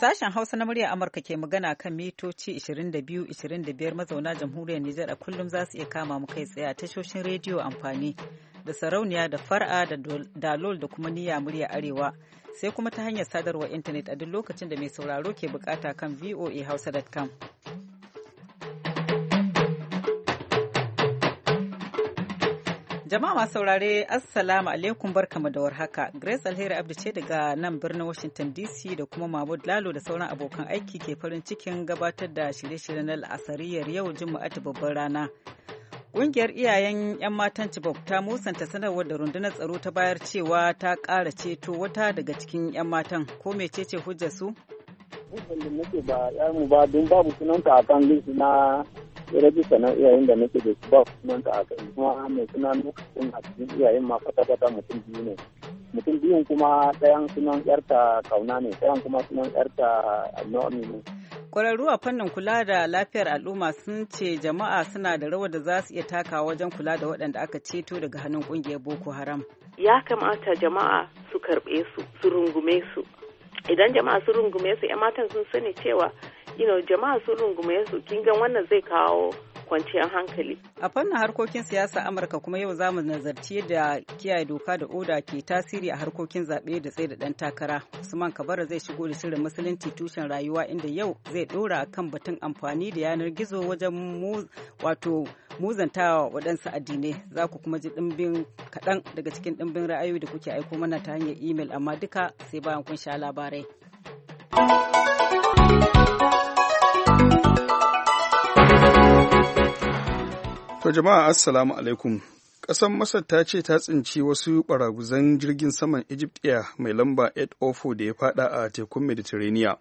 Sashen Hausa na murya Amurka ke magana kan mitoci 22-25 mazauna jamhuriyar Nijar a kullum za su iya kama mu kai tsaye a tashoshin rediyo amfani da sarauniya da far'a da dalol da kuma niyya murya arewa sai kuma ta hanyar sadarwar intanet a duk lokacin da mai sauraro ke bukata kan voa voahausa.com. Jama'a masu saurare Assalamu alaikum barkamu da warhaka. Grace Alheri Abdu ce daga nan birnin Washington DC da kuma Mahmud Lalo da sauran abokan aiki ke farin cikin gabatar da shirye-shiryen na la'asariyar yau Juma'a ta babbar rana. Ƙungiyar iyayen 'yan matan Chibok ta musanta sanarwar da rundunar tsaro ta bayar cewa ta ƙara ceto wata daga cikin 'yan matan ko mecece hujjar su? Hujjar da nake ba ba don babu sunanta a kan na rajista na iyayen da nake da su ba kuma ta a kai kuma mai suna lokacin a cikin iyayen ma kwata-kwata mutum biyu ne mutum biyun kuma ɗayan sunan yarta kauna ne ɗayan kuma sunan yarta na'omi ne kwararru a fannin kula da lafiyar al'umma sun ce jama'a suna da rawar da za su iya takawa wajen kula da waɗanda aka ceto daga hannun ƙungiyar Boko Haram. Ya kamata jama'a su karɓe su, su rungume su. Idan jama'a su rungume su, 'yan matan sun sani cewa you know, jama'a sun rungume su kin ga wannan zai kawo kwanciyar hankali. A fannin harkokin siyasa Amurka kuma yau za mu nazarci yadda kiyaye doka da oda ke tasiri a harkokin zaɓe da tsaye da ɗan takara. Usman Kabara zai shigo da shirin musulunci tushen rayuwa inda yau zai ɗora kan batun amfani da yanar gizo wajen wato muzantawa waɗansu addinai za ku kuma ji ɗimbin kaɗan daga cikin ɗimbin ra'ayoyi da kuke aiko mana ta hanyar imel amma duka sai bayan kun sha labarai. To jama'a assalamu alaikum. Ƙasar Masar ta ce ta tsinci wasu ɓaraguzan jirgin saman Egypt mai lamba 804 da ya fada a tekun Mediterranean.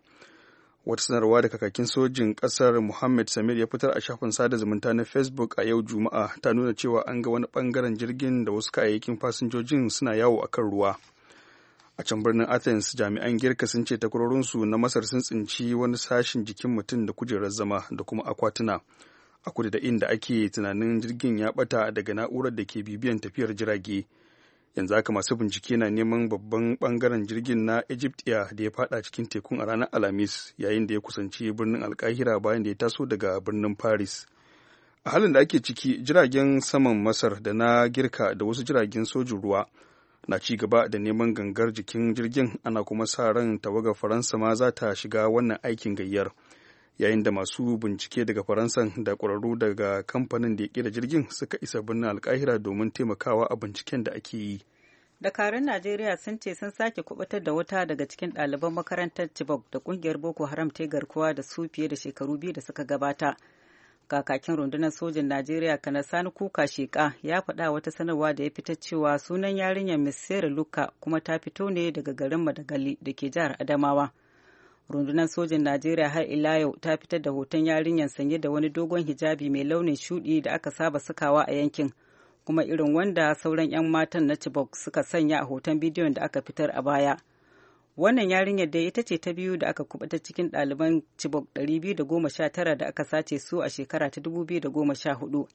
Wata sanarwa da kakakin sojin ƙasar mohammed Samir ya fitar a shafin sada zumunta na Facebook a yau Juma'a ta nuna cewa an ga wani ɓangaren jirgin da wasu kayayyakin fasinjojin suna yawo a kan ruwa. A can birnin Athens jami'an girka sun ce takwarorinsu na Masar sun tsinci wani sashin jikin mutum da kujerar zama da kuma akwatuna. a kudu da inda ake tunanin jirgin ya bata daga na'urar da ke bibiyan tafiyar jirage yanzu haka masu bincike na neman babban bangaren jirgin na air da ya fada cikin tekun a ranar alhamis yayin da ya kusanci birnin alkahira bayan da ya taso daga birnin paris a halin da ake ciki jiragen saman masar da na girka da wasu jiragen sojin ruwa na ci gaba da neman gangar jikin jirgin ana kuma sa ran tawagar faransa ma za ta shiga wannan aikin gayyar. yayin da masu bincike daga faransa da ƙwararru daga kamfanin da ya ƙera jirgin suka isa birnin alkahira domin taimakawa a binciken da ake yi dakarun najeriya sun ce sun sake kubutar da wata daga cikin ɗaliban makarantar chibok da ƙungiyar boko haram ta garkuwa da su fiye da shekaru biyu da suka gabata kakakin rundunar sojin najeriya kanar sani kuka sheka ya faɗa wata sanarwa da ya fita cewa sunan yarinyar miss luka kuma ta fito ne daga garin madagali da ke jihar adamawa rundunar sojin najeriya har ila yau ta fitar da hoton yarinyar sanye da wani dogon hijabi mai launin shuɗi da aka saba sukawa a yankin kuma irin wanda sauran 'yan matan na chibok suka sanya a hoton bidiyon da aka fitar a baya wannan yarinyar dai ita ce ta biyu da aka kubuta cikin ɗaliban chibok biyu da goma sha tara da aka sace su a shekara ta sha hudu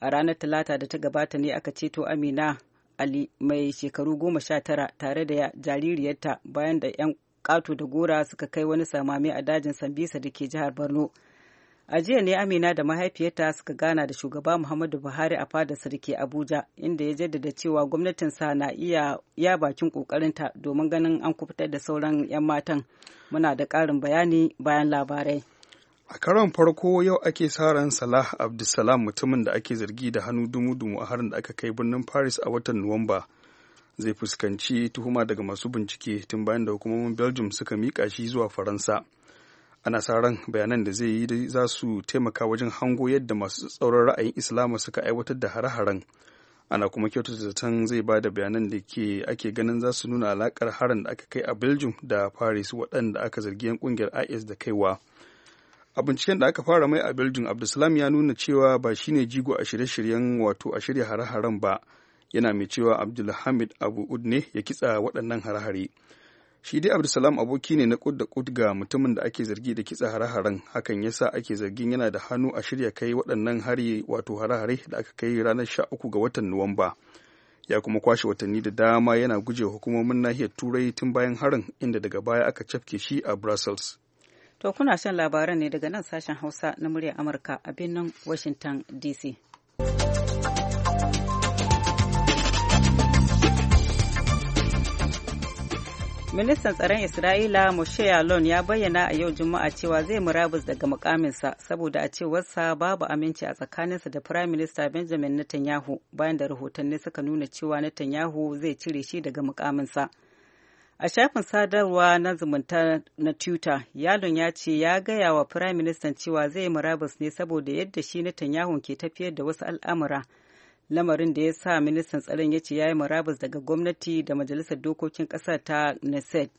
a ranar talata da ta gabata ne aka ceto amina ali mai shekaru goma sha tara tare da jaririyarta bayan da 'yan ƙato da gora suka kai wani samami a dajin sambisa da ke jihar borno a jiya ne amina da mahaifiyarta suka gana da shugaba muhammadu buhari a fadarsa da abuja inda ya jaddada cewa gwamnatinsa na iya ya bakin kokarinta domin ganin an kubutar da sauran 'yan matan muna da ƙarin bayani bayan labarai a karon farko yau ake sa ran salah abdulsalam mutumin da ake zargi da hannu dumu-dumu a harin da aka kai birnin paris a watan nuwamba zai fuskanci tuhuma daga masu bincike tun bayan da hukumomin belgium suka miƙa shi zuwa faransa ana sa ran bayanan da zai yi za su taimaka wajen hango yadda masu tsauran ra'ayin islama suka aiwatar da hare-haren ana kuma kyautata zaton zai ba da bayanan da ke ake ganin za su nuna alakar harin da aka kai a belgium da paris waɗanda aka zargi 'yan ƙungiyar is da kaiwa a binciken da aka fara mai a belgium abdulsalam ya nuna cewa ba shine jigo a shirye-shiryen wato a shirya hare-haren ba yana mai cewa abdulhamid abu ud ne ya kitsa waɗannan hare-hare shi dai abdulsalam aboki ne na kud da kud ga mutumin da ake zargi da kitsa hare-haren hakan yasa ake zargin yana da hannu a shirya kai waɗannan hari wato hare-hare da aka kai ranar sha uku ga watan nuwamba ya kuma kwashe watanni da dama yana guje hukumomin nahiyar turai tun bayan harin inda daga baya aka cafke shi a brussels to kuna shan labaran ne daga nan sashen hausa na murya amurka a birnin washington dc ministan tsaron isra'ila moshe yalon ya bayyana a yau juma'a cewa zai murabus daga mukaminsa saboda a cewarsa babu aminci a tsakaninsa da prime minister benjamin netanyahu bayan da rahotanni suka nuna cewa netanyahu zai cire shi daga mukaminsa a shafin sadarwa na zumunta na twitter yalon ya ce ya gaya wa prime minister cewa zai murabus ne saboda yadda shi netanyahu ke tafiyar da wasu al'amura lamarin da ya sa ministan tsaron ya ce ya yi murabus daga gwamnati da majalisar dokokin kasa ta neset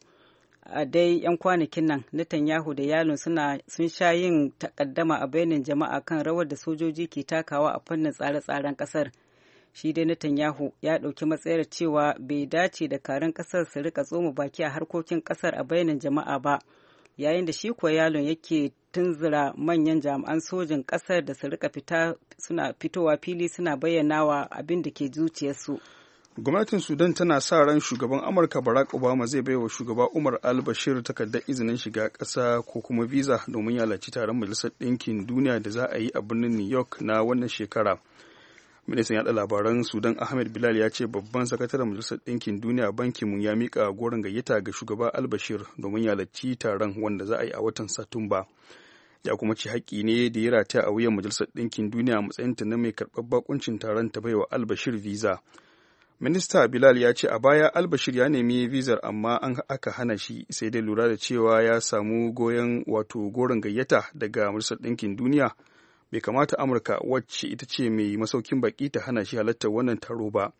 a dai 'yan kwanakin nan netanyahu da yalon suna sun sha yin takaddama a bainin jama'a kan rawar da sojoji ke takawa a fannin tsare-tsaren kasar shi dai netanyahu ya ɗauki matsayar cewa bai dace da karin kasar su rika tsoma baki a harkokin kasar a bainin jama'a ba. yayin da shi kuwa yalon yake tunzura manyan jami'an sojin ƙasar da su rika fita suna fitowa fili suna bayyanawa abin da ke zuciyarsu. gwamnatin sudan tana sa ran shugaban amurka barack obama zai baiwa shugaba umar al-bashir takardar izinin shiga ƙasa ko kuma visa domin ya halarci taron majalisar ɗinkin duniya da za a yi a birnin new york na wannan shekara. ministan yada labaran sudan ahmed bilal ya ce babban sakataren majalisar ɗinkin duniya banki mun ya mika goron gayyata ga shugaba albashir domin ya halarci taron wanda za a yi a watan satumba ya kuma ci haƙƙi ne da ya rataya a wuyan majalisar ɗinkin duniya a ta na mai karɓar bakuncin taron ta baiwa albashir visa minista bilal ya ce a baya albashir ya nemi vizar amma an aka hana shi sai dai lura da cewa ya samu goyon wato goron gayyata daga majalisar ɗinkin duniya bai kamata amurka wacce ita ce mai masaukin baki ta hana shi halartar wannan taro ba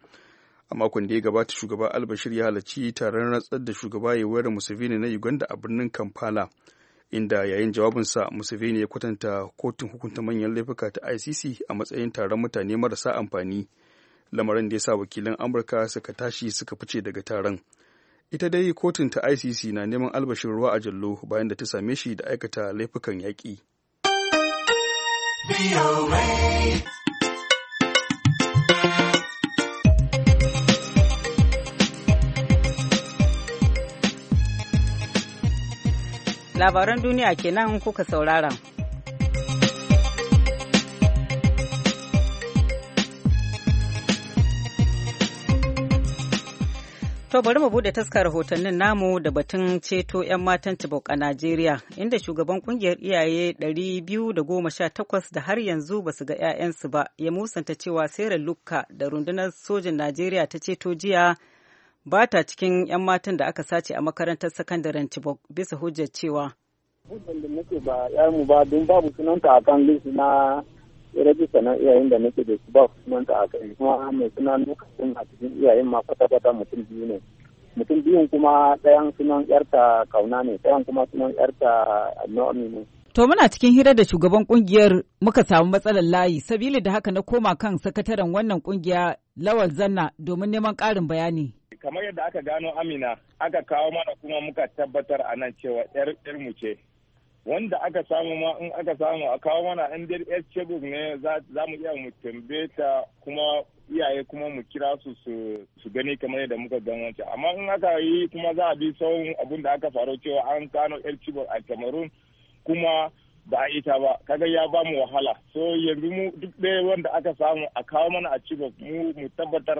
a makon da ya gabata shugaba albashir ya halarci taron ratsar da shugaba ya wayar museveni na uganda a birnin kampala inda yayin jawabinsa museveni ya kwatanta kotun hukunta manyan laifuka ta icc a matsayin taron mutane marasa amfani lamarin da ya sa wakilan amurka suka tashi suka fice daga taron ita dai kotun ta icc na neman albashin ruwa a jallo bayan da ta same shi da aikata laifukan yaƙi. Labaran duniya kenan kuka sauraron. To bari mu bude taskar rahotannin namu da batun ceto 'yan matan Chibok a Najeriya, inda shugaban kungiyar iyaye 218 da har yanzu ba su ga 'ya'yansu ba, ya musanta cewa Sera Lukka da rundunar sojin Najeriya ta ceto jiya ba ta cikin 'yan matan da aka sace a makarantar sakandaren Chibok bisa hujjar cewa. Hujjar da nake ba ba don babu sunanta a kan na rajista na iyayen da nake da su ba sunanta a kai kuma mai suna lokacin a cikin iyayen ma kwata-kwata mutum biyu ne mutum biyun kuma ɗayan sunan yarta kauna ne ɗayan kuma sunan yarta nomi ne To muna cikin hira da shugaban kungiyar muka samu matsalar layi sabili da haka na koma kan sakataren wannan kungiya Lawal Zanna domin neman ƙarin bayani. Kamar yadda aka gano Amina aka kawo mana kuma muka tabbatar a nan cewa 'yar mu ce. wanda aka samu ma in aka samu a kawo mana an dai yar ne za mu iya mu tambaye ta kuma iyaye kuma mu kira su su gani kamar yadda muka gan wancan amma in aka yi kuma za a bi sauran abin da aka faru cewa an kano yar cebuk a cameroon kuma ba a ita ba kaga ya ba mu wahala so yanzu mu duk ɗaya wanda aka samu a kawo mana a cebuk mu mu tabbatar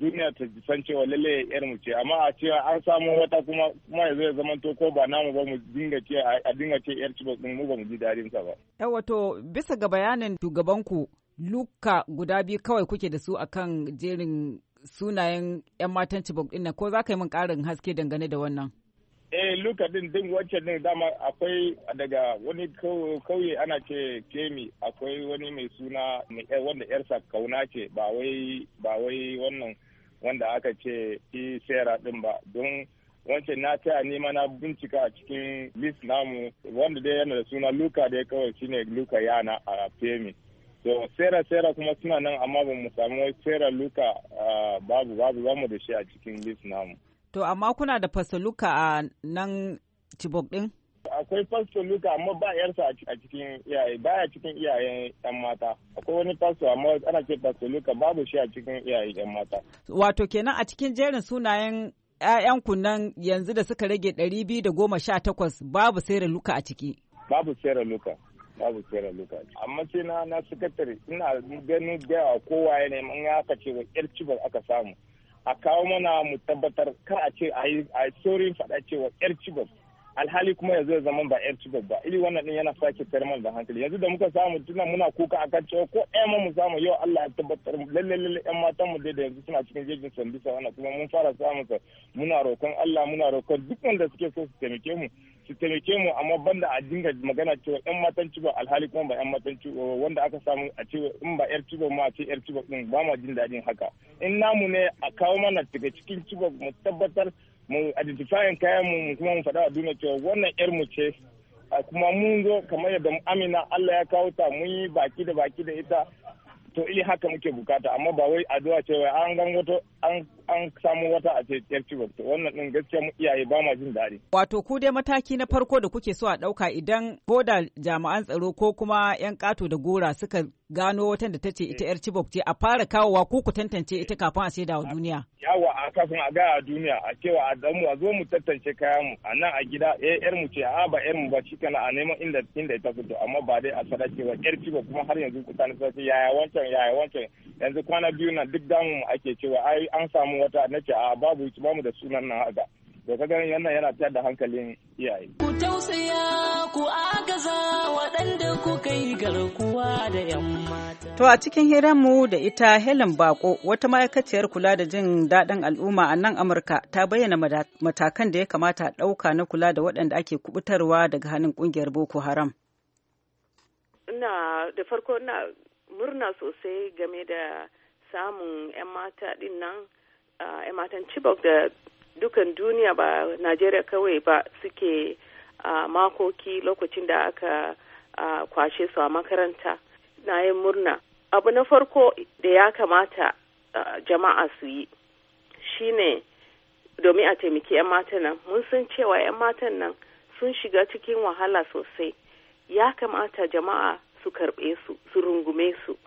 duniya ta san cewa lalle yar mu ce amma a cewa an samu wata kuma kuma yanzu ya zama to ko ba namu ba mu dinga ce a dinga ce yar cibok din mu ba mu ji dadin sa ba yawa bisa ga bayanin shugaban luka guda biyu kawai kuke da su akan jerin sunayen yan matan cibok din ko za ka yi min karin haske dangane da wannan eh luka ɗin din wacce din dama akwai daga wani kauye ana ce kemi akwai wani mai suna wanda yarsa kauna ce ba wai ba wai wannan wanda aka ce i sera din ba don wance na taya nema na bincika a cikin list namu wanda dai yana da suna luka dai kawai shine luka yana a kemi so sera sera kuma suna nan amma ba mu samu sera luka ah, babu babu mu da shi a cikin list namu To amma kuna da fasaluka a nan Chibok din? Akwai fasaluka Luka amma ba yarsa a cikin iyaye baya cikin iyaye yan mata. Akwai wani pastor amma ana ce fasaluka Luka babu shi a cikin iyaye yan mata. Wato kenan a cikin jerin sunayen ƴaƴan nan yanzu da suka rage ɗari biyu da goma sha takwas babu Sera Luka a ciki. Babu Sera Luka. Babu Sera Luka. Amma sai na na sakatare ina ganin da kowa yanayin in aka ce wa ƴar cibar aka samu. a kawo mana mu tabbatar kar a ce a yi saurin faɗa cewa yar cibas alhali kuma yanzu ya zama ba yar cibas ba iri wannan din yana sake tarmar da hankali yanzu da muka samu tuna muna kuka a kan cewa ko ɗaya mu samu yau Allah ya tabbatar lalle lalle yan matan mu da yanzu suna cikin jejin sa wannan kuma mun fara samun sa muna roƙon Allah muna roƙon duk wanda suke so su taimake mu su taimake mu amma banda a dinga magana cewa yan matan cibo alhali kuma ba yan matan cibo wanda aka samu a ce in ba yar cibo ma a ce yar cibo din ba ma jin daɗin haka in namu ne a kawo mana daga cikin cibo mu tabbatar mu identifyin kayan mu kuma mu faɗa a duniya cewa wannan yar mu ce kuma mun zo kamar yadda amina Allah ya kawo ta mun yi baki da baki da ita to ili haka muke bukata amma ba wai addu'a cewa an gangoto an an samu wata a cikin to wannan din gaskiya mu iyaye ba ma jin daɗi. Wato ku dai mataki na farko da kuke so a ɗauka idan ko da jami'an tsaro ko kuma 'yan ƙato da gora suka gano watan da ta ce ita 'yar Chibok ce a fara kawowa ko ku tantance ita kafin a saida wa duniya. Yawa a kafin a gaya a duniya a cewa a damu a zo mu tantance kayan mu a nan a gida eh yar mu ce a ba yar mu ba shi a neman inda inda ita fito amma ba dai a sadake cewa yar Chibok kuma har yanzu kusa na sai yaya wancan yaya wancan yanzu kwana biyu na duk damu ake cewa ai an samu wata na ce a babu ba mu da sunan nan haka to ka ganin yana yana tayar da hankalin iyaye ku tausaya ku agaza waɗanda ku kai garkuwa da yan mata to a cikin hiranmu da ita Helen Bako wata ma'aikaciyar kula da jin daɗin al'umma a nan Amurka ta bayyana matakan da ya kamata a ɗauka na kula da waɗanda ake kubutarwa daga hannun ƙungiyar Boko Haram ina da farko ina murna sosai game da samun 'yan mata ɗin nan a ah, matan Chibok da dukan duniya ba Najeriya kawai ba suke ah, makoki lokacin da aka ah, kwashe su a makaranta na yin murna. Abu na farko da ya kamata jama'a su yi shi ne domin a taimaki 'yan matan nan mun san cewa 'yan matan nan sun shiga cikin wahala sosai ya kamata jama'a su karɓe su su rungume su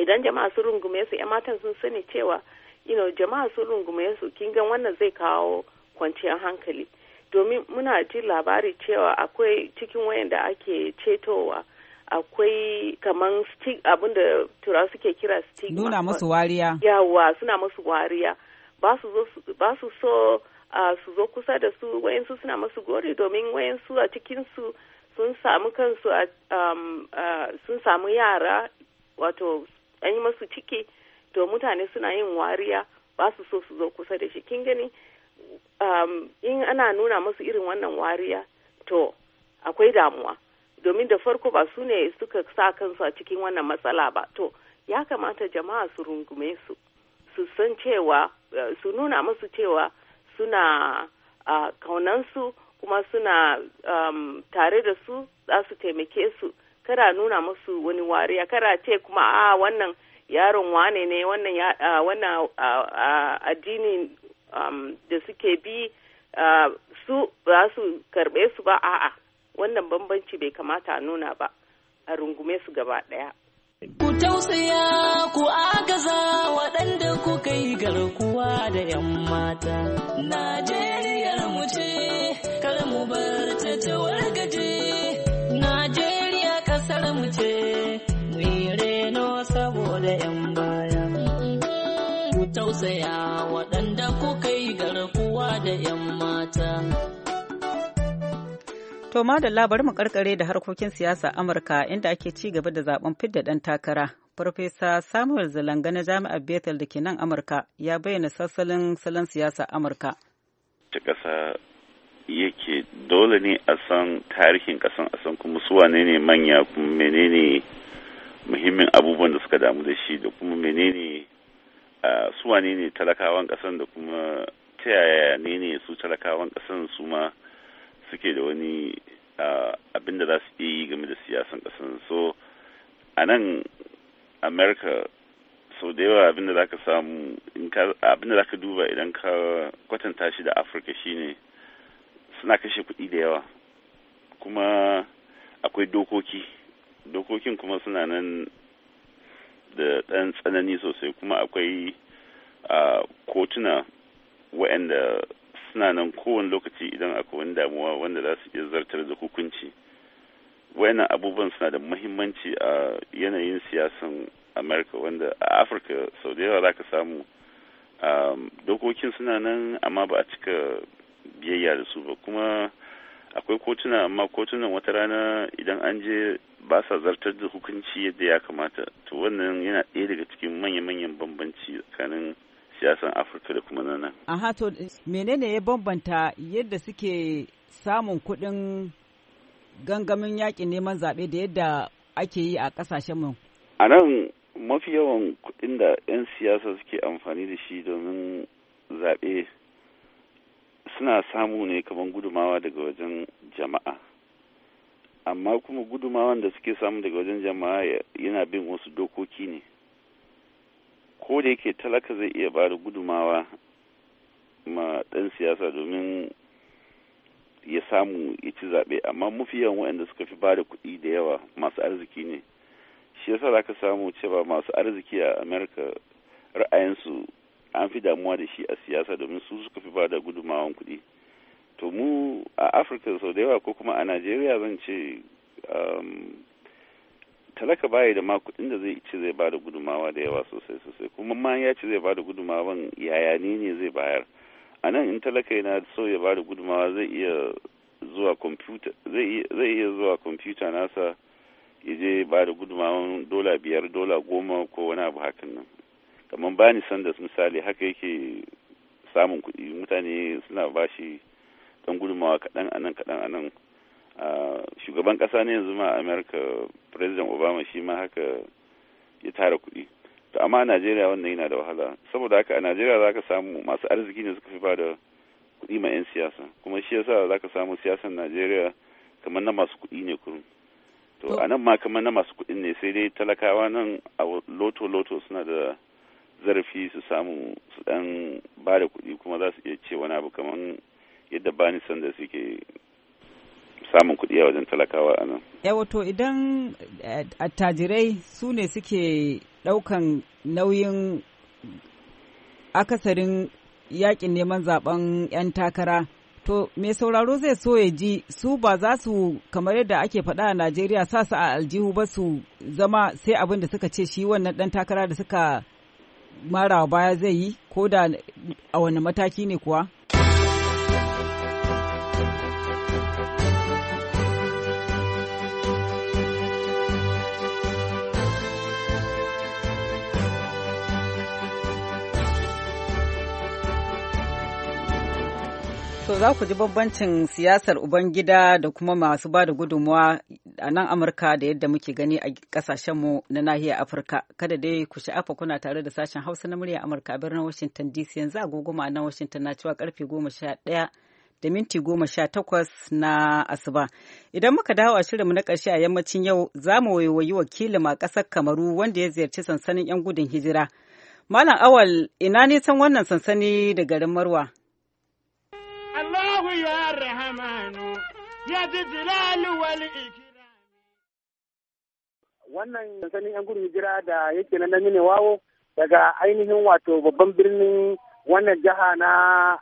idan jama'a sun rungume su 'yan matan sun sani cewa you know, jama'a sun rungume su kin wannan zai kawo kwanciyar hankali domin muna ji labari cewa akwai cikin wayanda ake cetowa akwai kaman abin da tura suke kira stigma nuna musu wariya yawa suna musu wariya ba su so su zo kusa da su wayansu suna musu gori domin wayansu a su sun samu kansu um, sun samu yara wato an yi masu ciki to mutane suna yin wariya ba su so su zo kusa da shi kin gani um, in ana nuna masu irin wannan wariya to akwai damuwa domin da farko ba su ne suka sa kansu a cikin wannan matsala ba to ya kamata jama'a su rungume su su san cewa eh, su nuna masu cewa suna uh, kaunansu kuma suna um, tare da su za su taimake su kada nuna masu wani wariya kada ce kuma a ah, wannan yaron wane ne wannan wannan addini um, da suke bi su ba su karbe su ba a'a wannan bambanci bai kamata a nuna ba a rungume su gaba daya ku tausaya ku agaza waɗanda ku kai garkuwa da 'yan mata najeriya da 'yan baya. Ku tausaya waɗanda kuka yi garkuwa da 'yan mata. To da bari mu karkare da harkokin siyasa Amurka inda ake ci gaba da zaben fidda ɗan takara. Farfesa Samuel Zalanga na Jami'ar Bethel da ke nan Amurka ya bayyana sassalin salon siyasa Amurka. Ta ƙasa yake dole ne a san tarihin ƙasan a san kuma su ne ne manya kuma menene muhimmin abubuwan da suka damu da shi da kuma menene su wane ne talakawan kasan da kuma ta yaya ne ne su talakawan kasan su ma suke da wani abin da za su iya yi game da siyasan kasan so a nan america sau da yawa abin da za ka samu abin da za ka duba idan ka kwatanta shi da afirka shine suna kashe kuɗi da yawa kuma akwai dokoki dokokin kuma suna nan da ɗan tsanani sosai kuma akwai a kotuna waɗanda suna nan kowane lokaci idan akwai wani damuwa wanda za su iya zartar da hukunci wayannan abubuwan suna da muhimmanci a yanayin siyasan amurka wanda a afirka sau da yawa za ka samu dokokin suna nan amma ba a cika biyayya da su ba kuma akwai kotuna amma kotunan wata rana idan an je ba sa zartar da hukunci yadda ya kamata to wannan yana ɗaya daga cikin manya-manyan bambanci tsakanin siyasan afirka da kuma nan aha to menene ya bambanta yadda suke samun kuɗin gangamin yaƙin neman zaɓe da yadda ake yi a ƙasashen mu a nan mafi yawan kuɗin da 'yan siyasa suke amfani da shi domin zaɓe suna samu ne kamar gudumawa daga wajen jama'a amma kuma gudumawan da suke samu daga wajen jama'a yana bin wasu dokoki ne ko da yake talaka zai iya ba da gudumawa ma ɗan siyasa domin ya samu ya ci zaɓe amma mafi yawan waɗanda suka fi ba da kuɗi da yawa masu arziki ne shi yasa za ka samu cewa masu arziki a amerika ra'ayinsu an fi damuwa da shi a siyasa domin su suka fi ba da gudumawan kuɗi to mu a afirka sau da yawa ko kuma a najeriya zan ce um, talaka baya da ma kuɗin da zai ce zai ba da gudumawa da yawa sosai sosai kuma ma ya ce zai ba da gudumawan yaya ne ne zai bayar a nan in talaka yana so ya ba gudumawa zai iya zuwa kwamfuta zai iya zuwa kwamfuta nasa ya je ba da gudumawan dola biyar dola goma ko wani abu hakan nan kamar bani sanders misali haka yake samun kuɗi mutane suna bashi dan gudunmawa kaɗan anan kaɗan anan shugaban ƙasa ne yanzu ma a america president obama shi ma haka ya tara kuɗi to amma a najeriya wannan yana da wahala saboda haka a najeriya za ka samu masu arziki ne suka fi ba da kuɗi ma 'yan siyasa kuma shi yasa za ka samu siyasan najeriya kamar na masu kuɗi ne kurum to a nan ma kamar na masu kuɗin ne sai dai talakawa nan a loto loto suna da zarafi su samu su ɗan ba da kuɗi kuma za su iya ce wani abu kamar yadda bani sanda suke samun kuɗi a wajen talakawa a nan. wato idan eh, attajirai su ne suke ɗaukan nauyin akasarin yakin neman zaben 'yan takara to mai sauraro zai so ya ji su ba za su kamar yadda ake faɗa a najeriya sa su a aljihu ba su zama sai abin da suka ce shi wannan ɗan takara da suka mara baya zai yi ko da a wani mataki ne kuwa so za ku ji bambancin siyasar Ubangida da kuma masu ba da gudunmuwa a nan Amurka da yadda muke gani a kasashenmu na nahiyar Afirka. Kada dai ku sha'afa kuna tare da sashen Hausa na murya Amurka a birnin Washington DC yanzu agogoma a nan Washington na cewa karfe goma sha ɗaya da minti goma sha takwas na asuba. Idan muka dawo a shirinmu na ƙarshe a yammacin yau za mu waiwayi wakilin a ƙasar Kamaru wanda ya ziyarci sansanin 'yan gudun hijira. Malam Awal ina nisan wannan sansani da garin Marwa? الله يا رحمن يا ذا الجلال والإكرام wannan sansanin yan gudun hijira da yake nan ne wawo daga ainihin wato babban birnin wannan jiha na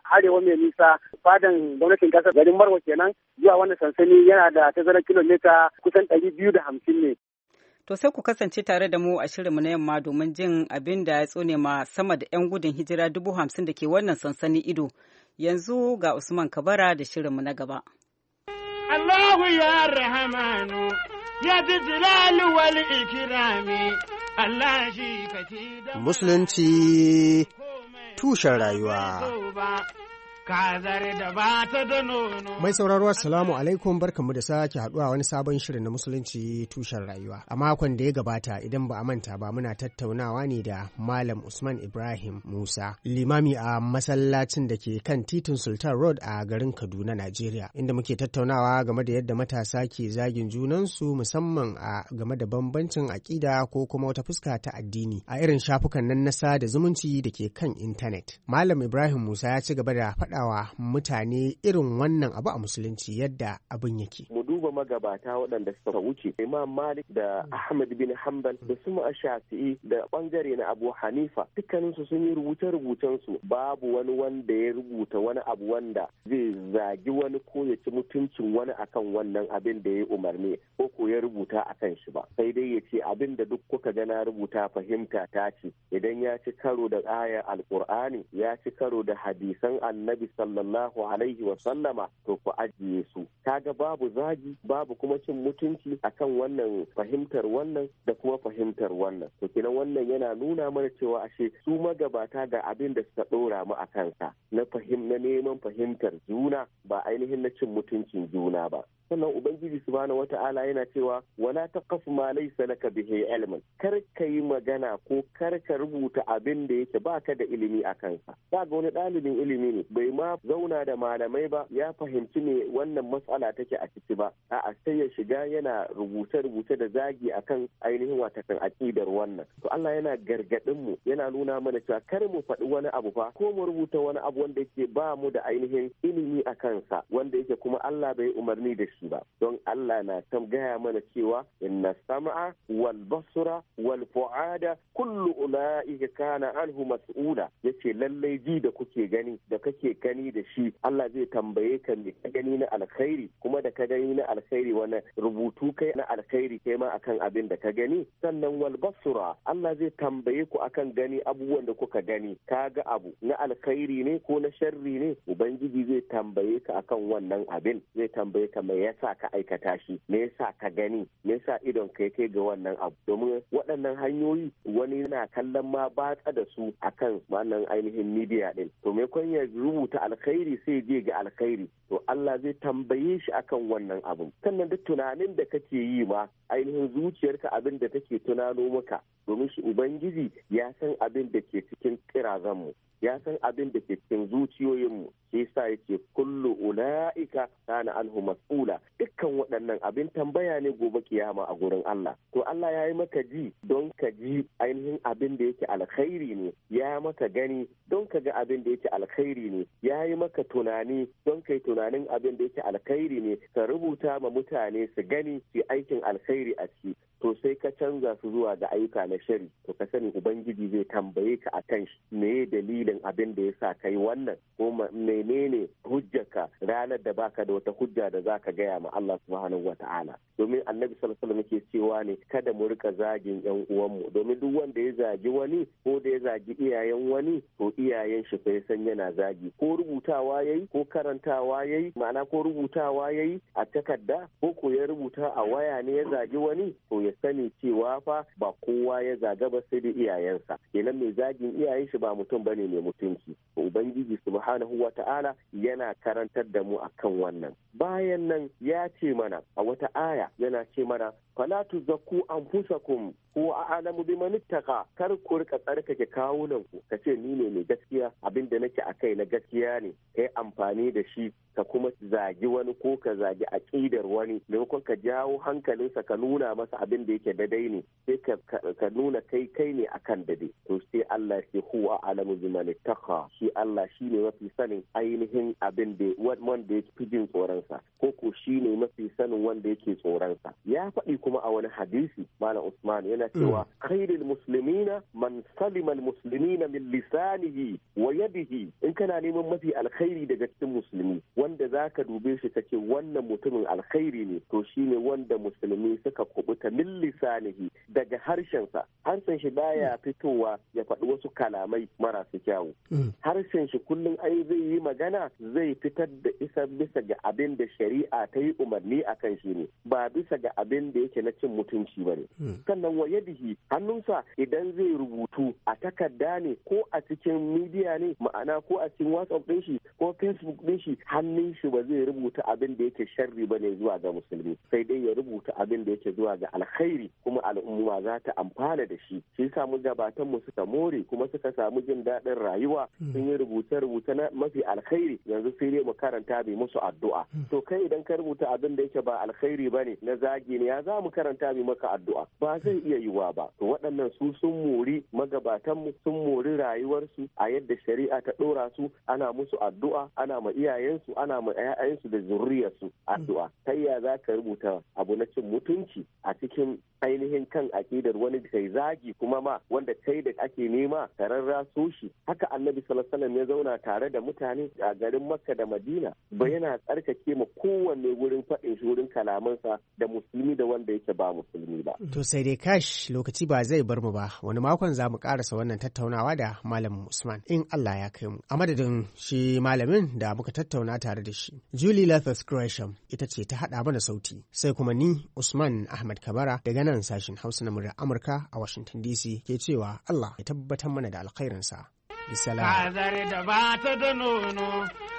arewa mai nisa fadan gwamnatin kasar garin marwa kenan zuwa wannan sansani yana da tazarar kilomita kusan ɗari biyu da hamsin ne. To sai ku kasance tare da mu a shirinmu na yamma domin jin abin da ya tsone ma sama da 'yan gudun hijira dubu hamsin da ke wannan sansani ido. Yanzu ga Usman Kabara da shirinmu na gaba. Allahu ya rahamanu ya ji jilalu wal ikirami Allah shi da Musulunci tushen rayuwa. Mai sauraro Assalamu alaikum barkanmu da sake haduwa wani sabon shirin na musulunci tushen rayuwa. A makon da ya gabata idan ba a manta ba muna tattaunawa ne da Malam Usman Ibrahim Musa, limami a masallacin da ke kan titin Sultan Road a garin Kaduna, Najeriya, inda muke tattaunawa game da yadda matasa ke zagin junansu musamman a game da bambancin aƙida ko kuma wata fuska ta addini a irin shafukan nan na sada zumunci da ke kan intanet. Malam Ibrahim Musa ya ci gaba da faɗa faɗawa mutane irin wannan abu a musulunci yadda abin yake. Mu duba magabata waɗanda suka wuce Imam Malik da hmm. Ahmad bin Hanbal da su Shafi'i da ɓangare na Abu Hanifa dukkaninsu sun yi rubuce-rubucen su babu wani wanda ya rubuta wani abu wanda zai zagi wani ko ya ci mutuncin wani akan wannan abin da ya umarni ko ko ya rubuta akan shi ba sai dai ya ce abin da duk kuka ga na rubuta fahimta ta ce idan ya ci karo da aya alkur'ani ya ci karo da hadisan annabi annabi sallallahu alaihi wa sallama to ku ajiye su kaga babu zagi babu kuma cin mutunci akan wannan fahimtar wannan da kuma fahimtar wannan to kenan wannan yana nuna mana cewa ashe su magabata ga abin da suka dora mu a kansa na fahim na neman fahimtar juna ba ainihin na cin mutuncin juna ba sannan ubangiji subhanahu wata'ala yana cewa wala taqaf ma laysa laka bihi ilmun kar ka yi magana ko kar ka rubuta abin da yake baka da ilimi a sa ga wani ɗalibin ilimi ne bai ma zauna da malamai ba ya fahimci ne wannan matsala take a ciki ba a'a sai ya shiga yana rubuta rubuta da zagi akan ainihin watakan akidar wannan to Allah yana gargadin mu yana nuna mana cewa kar mu faɗi wani abu fa ko mu rubuta wani abu wanda yake ba mu da ainihin ilimi a kansa wanda yake kuma Allah bai umarni da shi ba don Allah na tam gaya mana cewa inna sam'a wal basra wal fu'ada kullu ulaika kana anhu mas'ula yace lallai ji da kuke gani da kake gani da shi Allah zai tambaye ka me ka gani na alkhairi kuma da ka gani na alkhairi wani rubutu kai na alkhairi kai ma akan abin da ka gani sannan wal basura Allah zai tambaye ku akan gani abubuwan da kuka gani ka ga abu na alkhairi ne ko na sharri ne ubangiji zai tambaye ka akan wannan abin zai tambaye ka me yasa ka aikata shi me yasa ka gani me yasa idon ka kai ga wannan abu domin waɗannan hanyoyi wani na kallon ma batsa da su akan wannan ainihin midiya din to me ya rubuta ta alkhairi sai je ga alkhairi to Allah zai tambaye shi akan wannan abun sannan duk tunanin da kake yi ma ainihin zuciyarka abin da take tunano maka domin shi ubangiji ya san abin da ke cikin kirazanmu ya san abin da ke cikin zuciyoyinmu shi yasa yake kullu ula'ika kana anhu mas'ula dukkan waɗannan abin tambaya ne gobe kiyama a gurin Allah to Allah ya yi maka ji don ka ji ainihin abin da yake alkhairi ne ya maka gani don ka ga abin da yake alkhairi ne ya yi maka tunani don kai tunanin abin da yake alkhairi ne ka rubuta ma mutane su gani su aikin alkhairi a ciki to sai ka canza su zuwa da ayyuka na shari to ka sani ubangiji zai tambaye ka a shi me dalilin abin da ya sa kai wannan ko menene hujjarka ranar da baka da wata hujja da zaka gaya ma Allah subhanahu wata'ala domin annabi sallallahu alaihi wasallam cewa ne kada mu rika zagin yan uwanmu domin duk wanda ya zagi wani ko da ya zagi iyayen wani to iyayen shi sai san yana zagi ko rubutawa yayi ko karantawa yayi ma'ana ko rubutawa yayi a takarda ko ko ya rubuta a waya ne ya zagi wani to ya sani cewa fa ba kowa ya zaga ba sai da iyayensa kenan mai zagin iyayen shi ba mutum bane mai mutunci ubangiji subhanahu wa ta'ala yana karantar da mu akan wannan bayan nan ya ce mana a wata aya yana ce mana fala tuzakku anfusakum huwa a'lamu biman ittaqa kar ku rika tsarkake kawunan ku ka ce ni ne mai gaskiya abin da nake akai na gaskiya ne kai amfani da shi ka kuma zagi wani ko ka zagi aqidar wani maimakon ka jawo hankalinsa ka nuna masa abin da yake daidai ne sai ka nuna kai kai ne akan daidai to sai Allah sai huwa alamu biman ittaqa shi Allah shine mafi sanin ainihin abin da wanda yake fi jin tsoron sa ko ko shine mafi sanin wanda yake tsoron sa ya faɗi kuma a wani hadisi malam Usman yana mm. cewa khairul muslimina man salima al muslimina min lisanihi wa yadihi in kana neman mafi alkhairi daga cikin musulmi wanda zaka dube shi kace wannan mutumin alkhairi ne to shine wanda musulmi suka kubuta min lisanihi daga harshensa harshen shi baya hmm. fitowa ya faɗi wasu kalamai marasu kyawu hmm. harshen shi kullum ai zai yi magana zai fitar da isa bisa ga abin da shari'a ta yi umarni a kan shi ne ba bisa ga abin da yake na cin mutunci ba ne hmm. sannan wa yadihi hannunsa idan zai rubutu a takarda ne ko a cikin midiya ne ma'ana ko a cikin whatsapp ɗin shi ko facebook ɗin shi hannun shi ba zai rubuta abin da yake sharri ba ne zuwa ga musulmi sai dai ya rubuta abin da yake zuwa ga alha alkhairi kuma al'umma za ta amfana da shi shi samu gabatan mu suka more kuma suka samu jin daɗin rayuwa hmm. sun yi rubuce rubuce na mafi alkhairi yanzu sai dai mu karanta bai musu addu'a hmm. to kai idan ka rubuta abin da yake ba alkhairi bane na zagi ne ya za mu karanta bai maka addu'a ba zai iya yiwa ba to waɗannan su sun mori magabatan mu sun mori rayuwarsu a yadda shari'a ta ɗora su ana musu addu'a ana ma iyayensu ana ma 'ya'yansu da su hmm. addu'a kai ya za ka rubuta abu na cin mutunci a cikin cikin ainihin kan akidar wani kai zagi kuma ma wanda kai da ake nema tararra shi haka annabi sallallahu ya zauna tare da mutane a garin makka da madina ba yana tsarkake ma kowanne wurin faɗin shi wurin kalamansa da musulmi da wanda yake ba musulmi ba to sai dai kash lokaci ba zai bar mu ba wani makon za mu karasa wannan tattaunawa da malam usman in allah ya kai mu a madadin shi malamin da muka tattauna tare da shi julie lathas gresham ita ce ta haɗa mana sauti sai kuma ni usman ahmad kabara daga nan sashen Hausa na muryar Amurka a Washington DC ke cewa Allah ya tabbatar mana da alkhairinsa. Kazar da ba ta da nono,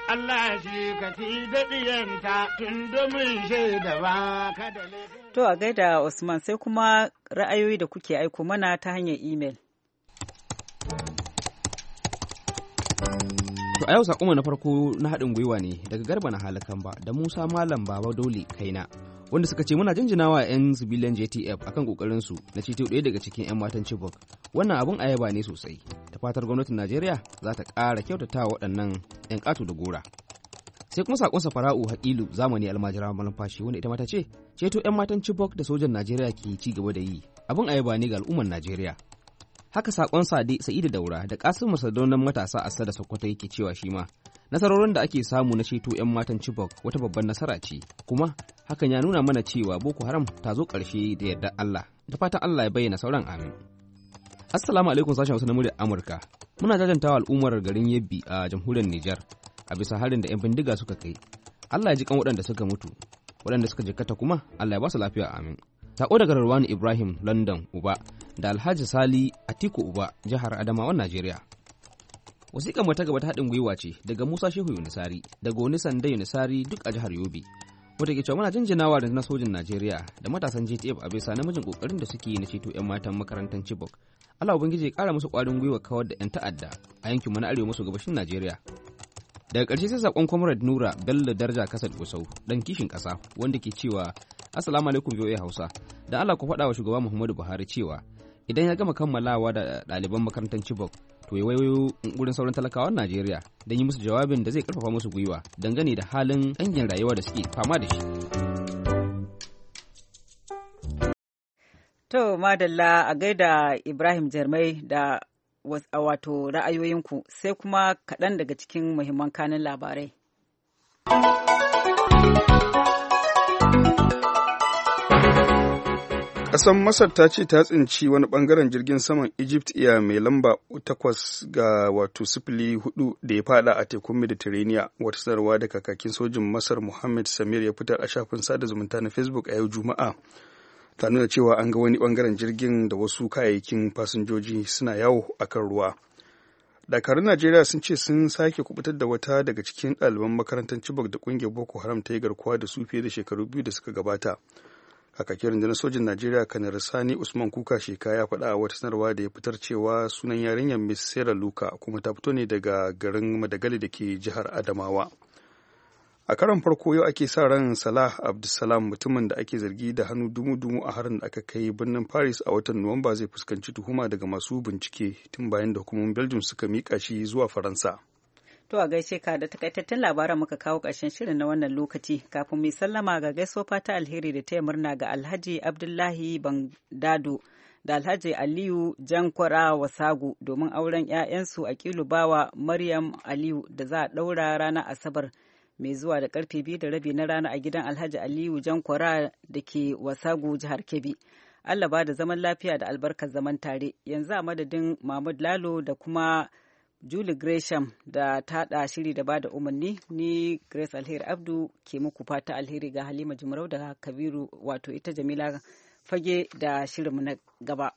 Allah shi ka fi daɗiyanta tun domin shaida ba ka da To a gaida Usman sai kuma ra'ayoyi da kuke aiko mana ta hanyar imel. To a yau sakoma na farko na haɗin gwiwa ne daga garba na halakan ba da Musa Malam Baba Dole kaina. wanda suka ce muna jinjinawa 'yan sibilan JTF akan kokarin su na ceto ɗaya daga cikin 'yan matan Chibok. Wannan abun ayaba ne sosai. Ta fatar gwamnatin Najeriya za ta ƙara kyautata waɗannan 'yan ƙato da gora. Sai kuma sakon safara'u Hakilu zamani almajira malumfashi wanda ita mata ce ceto 'yan matan Chibok da sojan Najeriya ke ci gaba da yi. Abun ayaba ne ga al'ummar Najeriya. Haka sakon Sade Sa'idu Daura da Kasim Masardaunan matasa a Sada Sokoto yake cewa shi ma Nasarorin da ake samu na ceto 'yan matan Chibok wata babban nasara ce, kuma hakan ya nuna mana cewa Boko Haram ta zo ƙarshe da yarda Allah. Da fatan Allah ya bayyana sauran amin. Assalamu alaikum sashen wasu na Amurka. Muna jajantawa al'ummar garin Yebbi a jamhuriyar Nijar a bisa harin da 'yan bindiga suka kai. Allah ya ji kan waɗanda suka mutu, waɗanda suka jikkata kuma Allah ya basu lafiya amin. Sako daga Rawani Ibrahim London Uba da Alhaji Sali Atiku Uba jihar Adamawa Najeriya. wasiƙa mu ta gaba ta haɗin gwiwa ce daga Musa Shehu Yunusari da Goni Sanda Yunusari duk a jihar Yobe. Wata ke cewa muna jinjinawa da na sojin Najeriya da matasan JTF a bisa namijin ƙoƙarin da suke yi na ceto 'yan matan makarantar Chibok. Allah Ubangiji ya ƙara musu ƙwarin gwiwa kawar da 'yan ta'adda a yankin mu na arewa maso gabashin Najeriya. Daga ƙarshe sai saƙon Comrade Nura Bello Darja Kasad Gusau dan kishin ƙasa wanda ke cewa Assalamu alaikum VOA Hausa. Da Allah ku faɗa wa shugaba Muhammadu Buhari cewa idan ya gama kammalawa da ɗaliban makarantar Chibok to ya wayo wurin sauran talakawan Najeriya don yi musu jawabin da zai karfafa musu gwiwa dangane da halin ɗangin rayuwa da suke fama da shi. To madalla a gaida Ibrahim Jarmai da wato ra'ayoyinku sai kuma kaɗan daga cikin muhimman kanin labarai. Ƙasar Masar ta ce ta tsinci wani bangaren jirgin saman Egypt iya mai lamba 8 ga wato sifili 4 da ya fada a tekun mediteraniya wata sanarwa da kakakin sojin Masar Mohammed Samir ya fitar a shafin sada zumunta na Facebook a yau Juma'a. Ta nuna cewa an ga wani ɓangaren jirgin da wasu kayayyakin fasinjoji suna yawo a kan ruwa. Dakarun Najeriya sun ce sun sake kubutar da wata daga cikin ɗaliban makarantar Chibok da ƙungiyar Boko Haram ta yi garkuwa da su fiye da shekaru biyu da suka gabata. a da rundunar sojin najeriya kanar sani usman kuka sheka ya faɗa a wata sanarwa da ya fitar cewa sunan yarinyar miss sarah luka kuma ta fito ne daga garin madagali da ke jihar adamawa a karon farko yau ake sa ran salah abdulsalam mutumin da ake zargi da hannu dumu-dumu a harin da aka kai birnin paris a watan nuwamba zai fuskanci tuhuma daga masu bincike tun bayan da hukumomin belgium suka mika shi zuwa faransa To a gaishe ka da takaitattun labaran muka kawo ƙarshen shirin na wannan lokaci kafin mai sallama ga gaiso fata alheri da yi murna ga Alhaji Abdullahi Bangdado da Alhaji Aliyu Jankwara Wasagu domin auren 'ya'yansu a Kilubawa Maryam Aliyu da za a ɗaura ranar Asabar mai zuwa da karfe biyu da rabi na rana a gidan Alhaji Aliyu Jankwara da ke Wasagu jihar Kebbi. Allah ba da zaman lafiya da albarkar zaman tare yanzu a madadin Mahmud Lalo da kuma Julie Gresham da ta da shiri da bada umarni ni Grace Alheri Abdu ke muku fata alheri ga Halima Jumarau da Kabiru wato ita Jamila Fage da shirinmu na gaba.